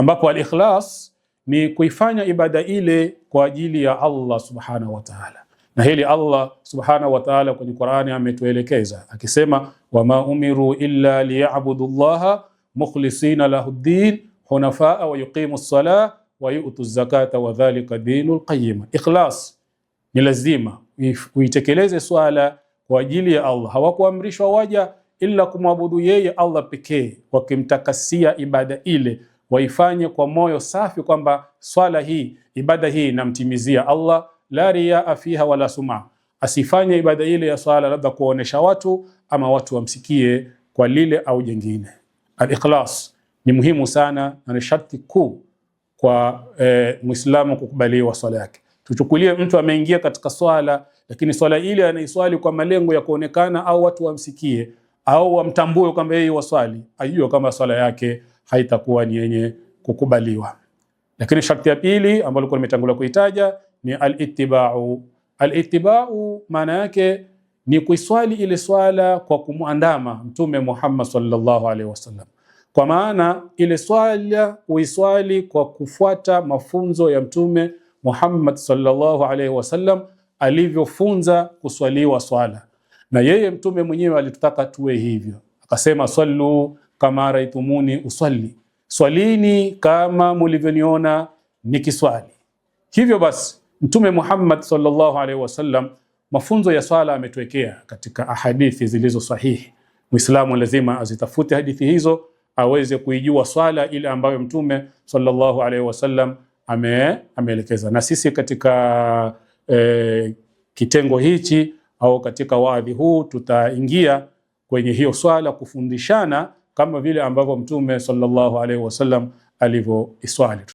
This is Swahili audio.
ambapo al-ikhlas ni kuifanya ibada ile kwa ajili ya Allah subhanahu wa ta'ala, na hili Allah subhanahu wa ta'ala kwenye Qur'ani ametuelekeza akisema, wama umiru illa liyabudu llaha mukhlisina lahu ddin hunafaa wa yuqimu ssalah wa yu'tu zakata wa dhalika dinul qayyim. Ikhlas ni lazima uitekeleze swala kwa ajili ya Allah. Hawakuamrishwa waja ila kumwabudu yeye Allah pekee, wakimtakasia ibada ile waifanye kwa moyo safi kwamba swala hii ibada hii namtimizia Allah, la riyaa fiha wala suma. Asifanye ibada ile ya swala labda kuonesha watu ama watu wamsikie kwa lile au jengine. Al-ikhlas ni muhimu sana na ni sharti kuu kwa e, Muislamu kukubaliwa swala yake. Tuchukulie mtu ameingia katika swala lakini swala ile anaiswali kwa malengo ya kuonekana au watu wamsikie au wamtambue kwamba yeye waswali, ajue kwamba swala yake haitakuwa ni yenye kukubaliwa. Lakini sharti ya pili ambalo kwa nimetangulia kuitaja ni al-ittiba'u. Al-ittiba'u maana yake ni kuiswali ile swala kwa kumuandama Mtume Muhammad sallallahu alaihi wasallam, kwa maana ile swala uiswali kwa kufuata mafunzo ya Mtume Muhammad sallallahu alaihi wasallam alivyofunza kuswaliwa swala, na yeye mtume mwenyewe alitutaka tuwe hivyo, akasema sallu kama raitumuni usalli, swalini kama mulivyoniona nikiswali. Hivyo basi Mtume Muhammad sallallahu alaihi wasallam mafunzo ya swala ametuwekea katika ahadithi zilizo sahihi. Muislamu lazima azitafute hadithi hizo aweze kuijua swala ile ambayo Mtume sallallahu alaihi wasallam ame ameelekeza. Na sisi katika e, kitengo hichi au katika waadhi huu tutaingia kwenye hiyo swala kufundishana kama vile ambavyo Mtume sallallahu alaihi wasallam alivyoiswali.